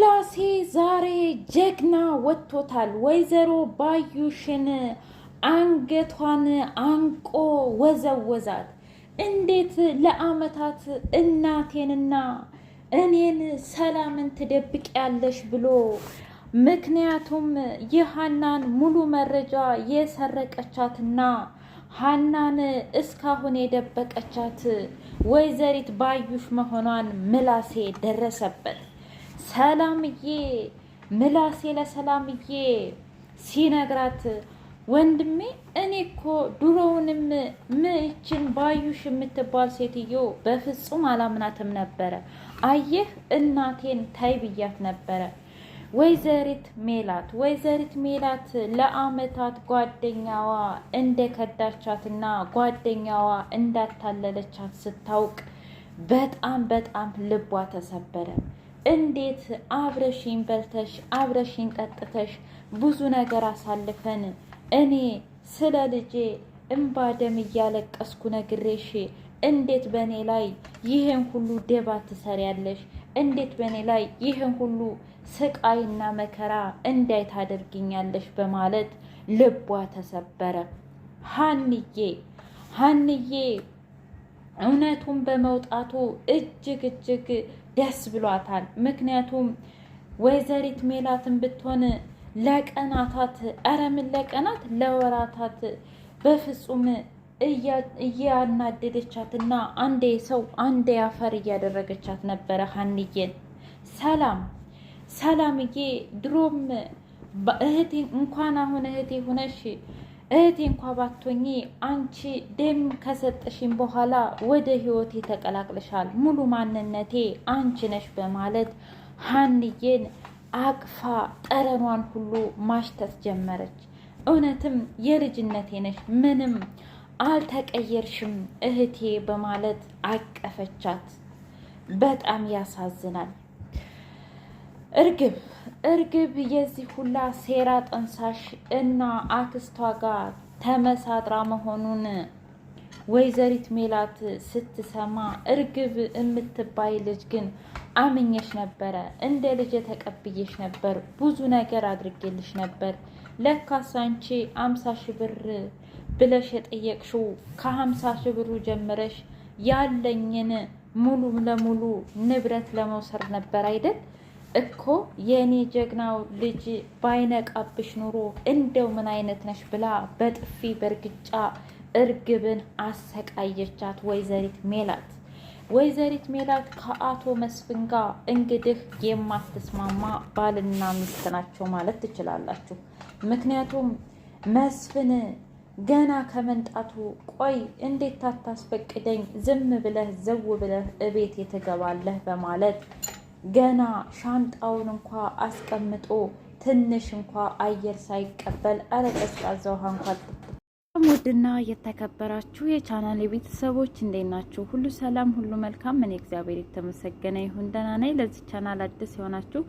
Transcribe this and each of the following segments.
ላሴ ዛሬ ጀግና ወጥቶታል። ወይዘሮ ባዩሽን አንገቷን አንቆ ወዘወዛት። እንዴት ለአመታት እናቴንና እኔን ሰላምን ትደብቂያለሽ ብሎ ምክንያቱም የሀናን ሙሉ መረጃ የሰረቀቻትና ሀናን እስካሁን የደበቀቻት ወይዘሪት ባዩሽ መሆኗን ምላሴ ደረሰበት። ሰላምዬ ምላሴ ለሰላምዬ ሲነግራት ወንድሜ እኔ እኮ ድሮውንም ምችን ባዩሽ የምትባል ሴትዮ በፍጹም አላምናትም ነበረ። አየህ እናቴን ታይ ብያት ነበረ። ወይዘሪት ሜላት ወይዘሪት ሜላት ለአመታት ጓደኛዋ ከዳቻትና ጓደኛዋ እንዳታለለቻት ስታውቅ በጣም በጣም ልቧ ተሰበረ። እንዴት አብረሽኝ በልተሽ አብረሽኝ ጠጥተሽ ብዙ ነገር አሳልፈን እኔ ስለ ልጄ እምባ ደም እያለቀስኩ ነግሬሽ እንዴት በእኔ ላይ ይህን ሁሉ ደባ ትሰሪያለሽ? እንዴት በእኔ ላይ ይህን ሁሉ ስቃይና መከራ እንዳይ ታደርግኛለሽ? በማለት ልቧ ተሰበረ። ሀንዬ ሀንዬ እውነቱን በመውጣቱ እጅግ እጅግ ደስ ብሏታል። ምክንያቱም ወይዘሪት ሜላትን ብትሆን ለቀናታት ኧረ ለቀናት ለወራታት በፍጹም እያናደደቻትና አንዴ ሰው አንዴ አፈር እያደረገቻት ነበረ ሀንዬን። ሰላም ሰላምዬ፣ ድሮም እህቴ እንኳን አሁን እህቴ ሁነሽ እህቴ እንኳ ባቶኝ አንቺ ደም ከሰጠሽኝ በኋላ ወደ ህይወቴ ተቀላቅለሻል፣ ሙሉ ማንነቴ አንቺ ነሽ በማለት ሀንዬን አቅፋ ጠረኗን ሁሉ ማሽተት ጀመረች። እውነትም የልጅነቴ ነሽ፣ ምንም አልተቀየርሽም እህቴ በማለት አቀፈቻት። በጣም ያሳዝናል። እርግብ እርግብ የዚህ ሁላ ሴራ ጠንሳሽ እና አክስቷ ጋር ተመሳጥራ መሆኑን ወይዘሪት ሜላት ስትሰማ እርግብ የምትባይ ልጅ ግን አምኜሽ ነበረ፣ እንደ ልጅ ተቀብዬሽ ነበር፣ ብዙ ነገር አድርጌልሽ ነበር። ለካስ አንቺ አምሳ ሺ ብር ብለሽ የጠየቅሽው ከሀምሳ ሺ ብሩ ጀምረሽ ያለኝን ሙሉ ለሙሉ ንብረት ለመውሰድ ነበር አይደል? እኮ የእኔ ጀግናው ልጅ ባይነቃብሽ ኑሮ እንደው ምን አይነት ነሽ ብላ በጥፊ በእርግጫ እርግብን አሰቃየቻት ወይዘሪት ሜላት። ወይዘሪት ሜላት ከአቶ መስፍን ጋር እንግዲህ የማትስማማ ባልና ሚስት ናቸው ማለት ትችላላችሁ። ምክንያቱም መስፍን ገና ከመንጣቱ ቆይ እንዴት ታታስፈቅደኝ ዝም ብለህ ዘው ብለህ እቤት የተገባለህ በማለት ገና ሻንጣውን እንኳ አስቀምጦ ትንሽ እንኳ አየር ሳይቀበል አረ ቀዝቃዛ ውሃ እንኳ ውድና የተከበራችሁ የቻናል የቤተሰቦች እንዴት ናችሁ? ሁሉ ሰላም፣ ሁሉ መልካም። እኔ እግዚአብሔር የተመሰገነ ይሁን ደህና ነኝ። ለዚህ ቻናል አዲስ የሆናችሁ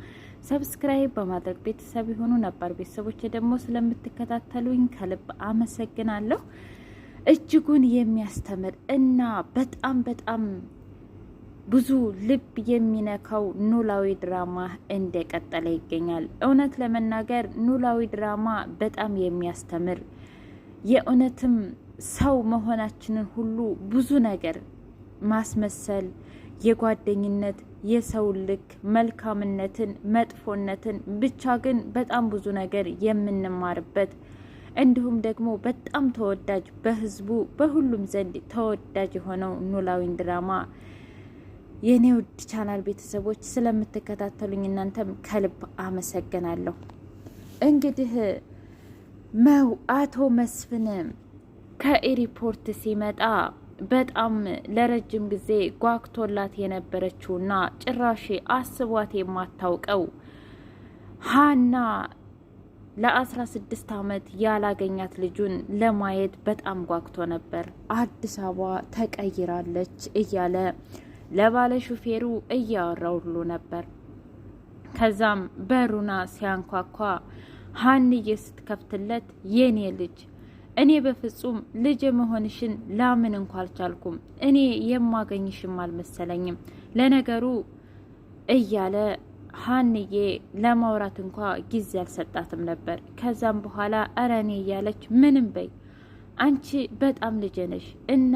ሰብስክራይብ በማድረግ ቤተሰብ የሆኑ ነባር ቤተሰቦች ደግሞ ስለምትከታተሉኝ ከልብ አመሰግናለሁ። እጅጉን የሚያስተምር እና በጣም በጣም ብዙ ልብ የሚነካው ኖላዊ ድራማ እንደቀጠለ ይገኛል። እውነት ለመናገር ኖላዊ ድራማ በጣም የሚያስተምር የእውነትም ሰው መሆናችንን ሁሉ ብዙ ነገር ማስመሰል የጓደኝነት የሰው ልክ መልካምነትን፣ መጥፎነትን ብቻ ግን በጣም ብዙ ነገር የምንማርበት እንዲሁም ደግሞ በጣም ተወዳጅ በህዝቡ በሁሉም ዘንድ ተወዳጅ የሆነው ኖላዊን ድራማ የኔ ውድ ቻናል ቤተሰቦች ስለምትከታተሉኝ እናንተም ከልብ አመሰግናለሁ። እንግዲህ መው አቶ መስፍን ከኤሪፖርት ሲመጣ በጣም ለረጅም ጊዜ ጓግቶላት የነበረችውና ጭራሽ አስቧት የማታውቀው ሀና ለአስራ ስድስት አመት ያላገኛት ልጁን ለማየት በጣም ጓግቶ ነበር። አዲስ አበባ ተቀይራለች እያለ ለባለ ሹፌሩ እያወራው ሁሉ ነበር። ከዛም በሩና ሲያንኳኳ ሀንዬ ስትከፍትለት የኔ ልጅ እኔ በፍጹም ልጅ መሆንሽን ላምን እንኳ አልቻልኩም። እኔ የማገኝሽም አልመሰለኝም። ለነገሩ እያለ ሀንዬ ለማውራት እንኳ ጊዜ አልሰጣትም ነበር። ከዛም በኋላ እረ እያለች ምንም በይ አንቺ በጣም ልጅ ነሽ እና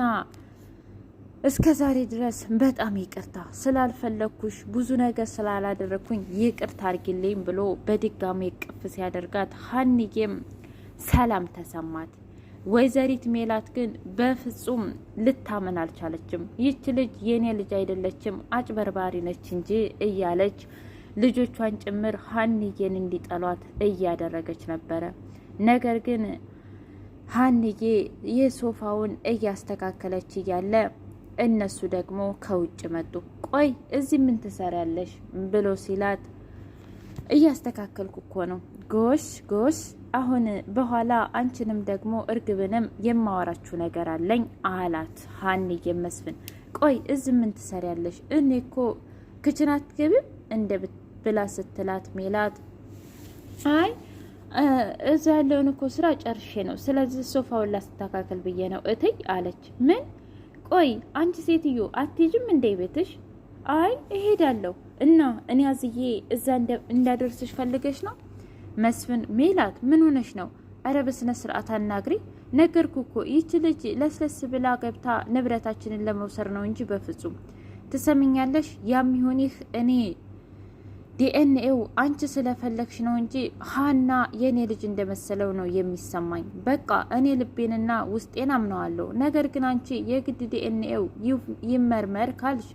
እስከ ዛሬ ድረስ በጣም ይቅርታ ስላልፈለግኩሽ ብዙ ነገር ስላላደረግኩኝ ይቅርታ አርጊልኝ ብሎ በድጋሚ ቅፍ ሲያደርጋት ሀንዬም ሰላም ተሰማት። ወይዘሪት ሜላት ግን በፍጹም ልታመን አልቻለችም። ይች ልጅ የእኔ ልጅ አይደለችም አጭበርባሪ ነች እንጂ እያለች ልጆቿን ጭምር ሀንዬን እንዲጠሏት እያደረገች ነበረ። ነገር ግን ሀንዬ የሶፋውን እያስተካከለች እያለ እነሱ ደግሞ ከውጭ መጡ። ቆይ እዚህ ምን ትሰሪያለሽ ብሎ ሲላት እያስተካከልኩ እኮ ነው። ጎሽ ጎሽ፣ አሁን በኋላ አንቺንም ደግሞ እርግብንም የማወራችሁ ነገር አለኝ አላት ሀንዬ መስፍን። ቆይ እዚህ ምን ትሰሪያለሽ? እኔ እኮ ክችን አትገቢም እንደ ብላ ስትላት ሜላት አይ እዛ ያለውን እኮ ስራ ጨርሼ ነው። ስለዚህ ሶፋውን ላስተካከል ብዬ ነው እትይ አለች። ምን ቆይ አንቺ ሴትዮ አትሄጂም እንዴ ቤትሽ? አይ እሄዳለሁ። እና እኔ አዝዬ እዛ እንዳደርስሽ ፈልገሽ ነው? መስፍን ሜላት፣ ምን ሆነሽ ነው? አረ በስነ ስርዓት አናግሪ። ነገርኩ እኮ ይቺ ልጅ ለስለስ ብላ ገብታ ንብረታችንን ለመውሰር ነው እንጂ በፍጹም ትሰምኛለሽ። ያም ይሁን ይህ እኔ ዲኤንኤው አንቺ ስለፈለግሽ ነው እንጂ ሀና የእኔ ልጅ እንደመሰለው ነው የሚሰማኝ። በቃ እኔ ልቤንና ውስጤን አምነዋለሁ። ነገር ግን አንቺ የግድ ዲኤንኤው ይመርመር ካልሽ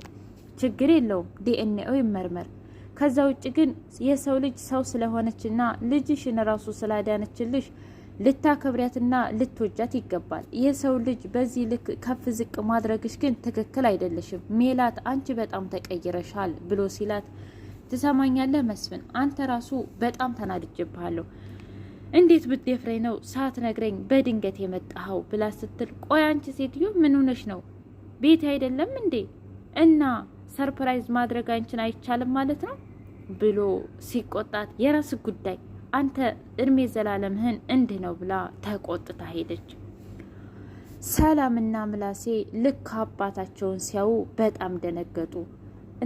ችግር የለውም፣ ዲኤንኤው ይመርመር። ከዛ ውጭ ግን የሰው ልጅ ሰው ስለሆነችና ልጅሽን ራሱ ስላዳነችልሽ ልታከብሪያትና ልትወጃት ይገባል። የሰው ልጅ በዚህ ልክ ከፍ ዝቅ ማድረግሽ ግን ትክክል አይደለሽም ሜላት፣ አንቺ በጣም ተቀይረሻል ብሎ ሲላት ትሰማኛለህ መስፍን፣ አንተ ራሱ በጣም ተናድጄብሃለሁ። እንዴት ብትደፍረኝ ነው ሳትነግረኝ በድንገት የመጣኸው ብላ ስትል፣ ቆይ አንቺ ሴትዮ ምን ሆነሽ ነው? ቤት አይደለም እንዴ? እና ሰርፕራይዝ ማድረግ አንቺን አይቻልም ማለት ነው ብሎ ሲቆጣት፣ የራስ ጉዳይ አንተ እድሜ ዘላለምህን እንዲህ ነው ብላ ተቆጥታ ሄደች። ሰላምና ምላሴ ልክ አባታቸውን ሲያዩ በጣም ደነገጡ።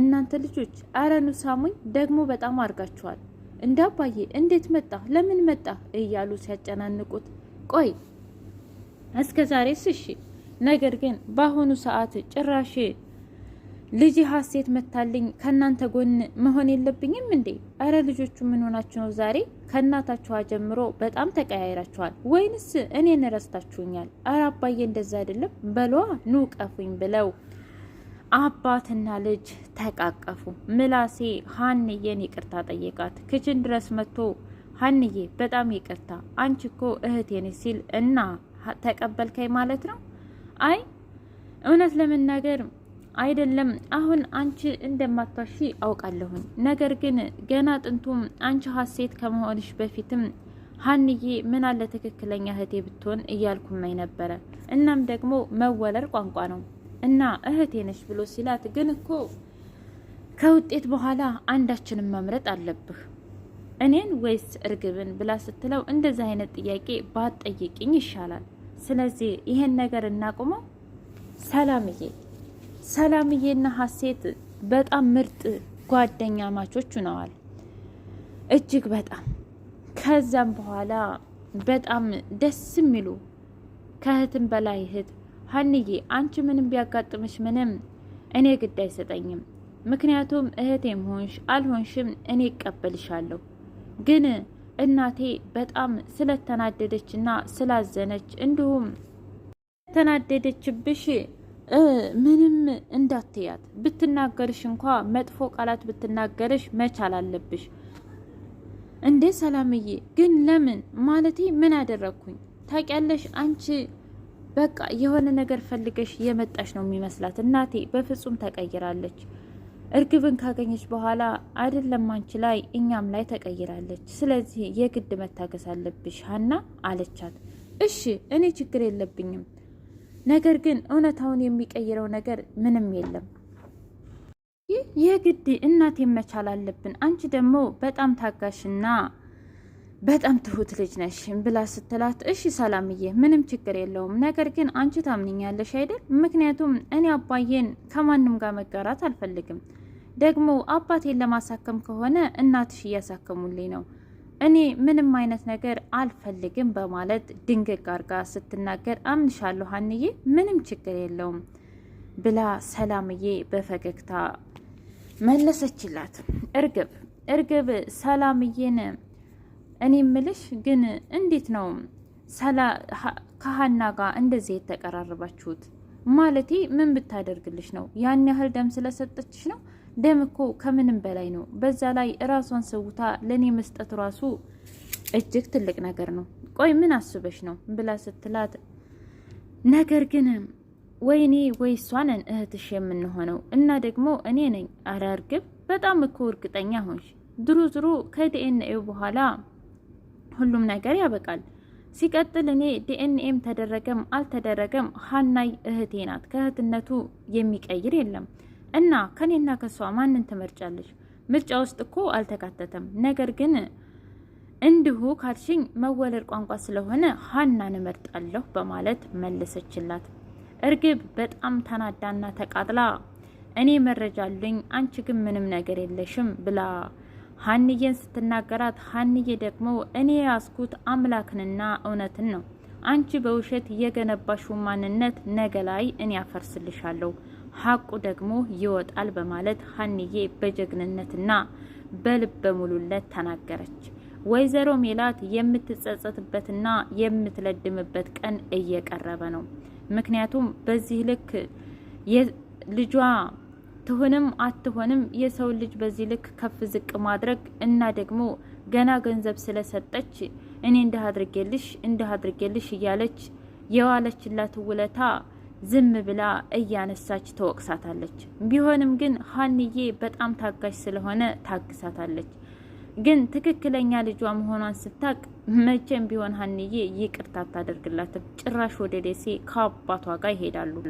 እናንተ ልጆች አረኑ ሳሙኝ ደግሞ በጣም አድርጋችኋል። እንደ አባዬ እንዴት መጣ ለምን መጣ እያሉ ሲያጨናንቁት ቆይ እስከ ዛሬስ እሺ፣ ነገር ግን በአሁኑ ሰዓት ጭራሽ ልጅ ሀሴት መታልኝ ከእናንተ ጎን መሆን የለብኝም እንዴ? አረ ልጆቹ ምን ሆናችሁ ነው ዛሬ? ከእናታችኋ ጀምሮ በጣም ተቀያይራችኋል፣ ወይንስ እኔን ረስታችሁኛል? አረ አባዬ እንደዛ አይደለም በሏ ኑ ቀፉኝ ብለው አባትና ልጅ ተቃቀፉ። ምላሴ ሀንዬን ይቅርታ ጠየቃት። ክችን ድረስ መጥቶ ሀንዬ በጣም ይቅርታ አንቺ እኮ እህቴን ሲል እና ተቀበልከኝ ማለት ነው። አይ እውነት ለመናገር አይደለም አሁን አንቺ እንደማታሺ አውቃለሁኝ። ነገር ግን ገና ጥንቱም አንቺ ሀሴት ከመሆንሽ በፊትም ሀንዬ ምን አለ ትክክለኛ እህቴ ብትሆን እያልኩማኝ ነበረ። እናም ደግሞ መወለድ ቋንቋ ነው እና እህቴ ነሽ ብሎ ሲላት ግን እኮ ከውጤት በኋላ አንዳችንን መምረጥ አለብህ እኔን ወይስ እርግብን ብላ ስትለው እንደዚህ አይነት ጥያቄ ባትጠይቅኝ ይሻላል። ስለዚህ ይሄን ነገር እናቁመው። ሰላምዬ ሰላምዬና ሀሴት በጣም ምርጥ ጓደኛ ማቾች ሆነዋል። እጅግ በጣም ከዛም በኋላ በጣም ደስ የሚሉ ከእህትም በላይ እህት ሀንዬ አንቺ ምንም ቢያጋጥምሽ ምንም እኔ ግድ አይሰጠኝም። ምክንያቱም እህቴም ሆንሽ አልሆንሽም እኔ እቀበልሻለሁ። ግን እናቴ በጣም ስለተናደደች እና ስላዘነች እንዲሁም ተናደደችብሽ ምንም እንዳትያት። ብትናገርሽ እንኳ መጥፎ ቃላት ብትናገርሽ መቻል አለብሽ። እንዴ ሰላምዬ፣ ግን ለምን ማለቴ ምን አደረግኩኝ? ታውቂያለሽ አንቺ በቃ የሆነ ነገር ፈልገሽ የመጣሽ ነው የሚመስላት። እናቴ በፍጹም ተቀይራለች። እርግብን ካገኘች በኋላ አይደለም አንቺ ላይ እኛም ላይ ተቀይራለች። ስለዚህ የግድ መታገስ አለብሽ ሀና አለቻት። እሺ እኔ ችግር የለብኝም፣ ነገር ግን እውነታውን የሚቀይረው ነገር ምንም የለም። ይህ የግድ እናቴ መቻል አለብን። አንቺ ደግሞ በጣም ታጋሽና በጣም ትሁት ልጅ ነሽ ብላ ስትላት፣ እሺ ሰላምዬ ምንም ችግር የለውም፣ ነገር ግን አንቺ ታምንኛለሽ አይደል? ምክንያቱም እኔ አባዬን ከማንም ጋር መጋራት አልፈልግም። ደግሞ አባቴን ለማሳከም ከሆነ እናትሽ እያሳከሙልኝ ነው፣ እኔ ምንም አይነት ነገር አልፈልግም በማለት ድንግግ አርጋ ስትናገር፣ አምንሻለሁ ሀንዬ፣ ምንም ችግር የለውም ብላ ሰላምዬ በፈገግታ መለሰችላት። እርግብ እርግብ ሰላምዬን እኔ ምልሽ ግን እንዴት ነው ሰላ ከሀና ጋር እንደዚህ የተቀራረባችሁት? ማለቴ ምን ብታደርግልሽ ነው? ያን ያህል ደም ስለሰጠችሽ ነው? ደም እኮ ከምንም በላይ ነው። በዛ ላይ ራሷን ሰውታ ለእኔ መስጠት ራሱ እጅግ ትልቅ ነገር ነው። ቆይ ምን አስበሽ ነው ብላ ስትላት፣ ነገር ግን ወይኔ ወይ እሷንን እህትሽ የምንሆነው እና ደግሞ እኔ ነኝ። አረ እርግብ፣ በጣም እኮ እርግጠኛ ሆንሽ። ድሩ ድሩ ከዲኤንኤው በኋላ ሁሉም ነገር ያበቃል። ሲቀጥል እኔ ዲኤንኤም ተደረገም አልተደረገም ሀናይ እህቴ ናት። ከእህትነቱ የሚቀይር የለም እና ከኔና ከሷ ማንን ትመርጫለች ምርጫ ውስጥ እኮ አልተካተተም። ነገር ግን እንዲሁ ካልሽኝ መወለድ ቋንቋ ስለሆነ ሀናን እመርጣለሁ በማለት መለሰችላት። እርግብ በጣም ተናዳና ተቃጥላ እኔ መረጃ አለኝ አንቺ ግን ምንም ነገር የለሽም ብላ ሀንዬን ስትናገራት ሀንዬ ደግሞ እኔ ያስኩት አምላክንና እውነትን ነው አንቺ በውሸት የገነባሽው ማንነት ነገ ላይ እኔ አፈርስልሻለሁ፣ ሀቁ ደግሞ ይወጣል በማለት ሀንዬ በጀግንነትና በልበ ሙሉነት ተናገረች። ወይዘሮ ሜላት የምትጸጸትበትና የምትለድምበት ቀን እየቀረበ ነው። ምክንያቱም በዚህ ልክ ልጇ ትሆንም አትሆንም የሰው ልጅ በዚህ ልክ ከፍ ዝቅ ማድረግ እና ደግሞ ገና ገንዘብ ስለሰጠች እኔ እንዲህ አድርጌልሽ እንዲህ አድርጌልሽ እያለች የዋለችላት ውለታ ዝም ብላ እያነሳች ትወቅሳታለች። ቢሆንም ግን ሀንዬ በጣም ታጋሽ ስለሆነ ታግሳታለች። ግን ትክክለኛ ልጇ መሆኗን ስታቅ መቼም ቢሆን ሀንዬ ይቅርታ አታደርግላትም። ጭራሽ ወደ ደሴ ከአባቷ ጋር ይሄዳሉ።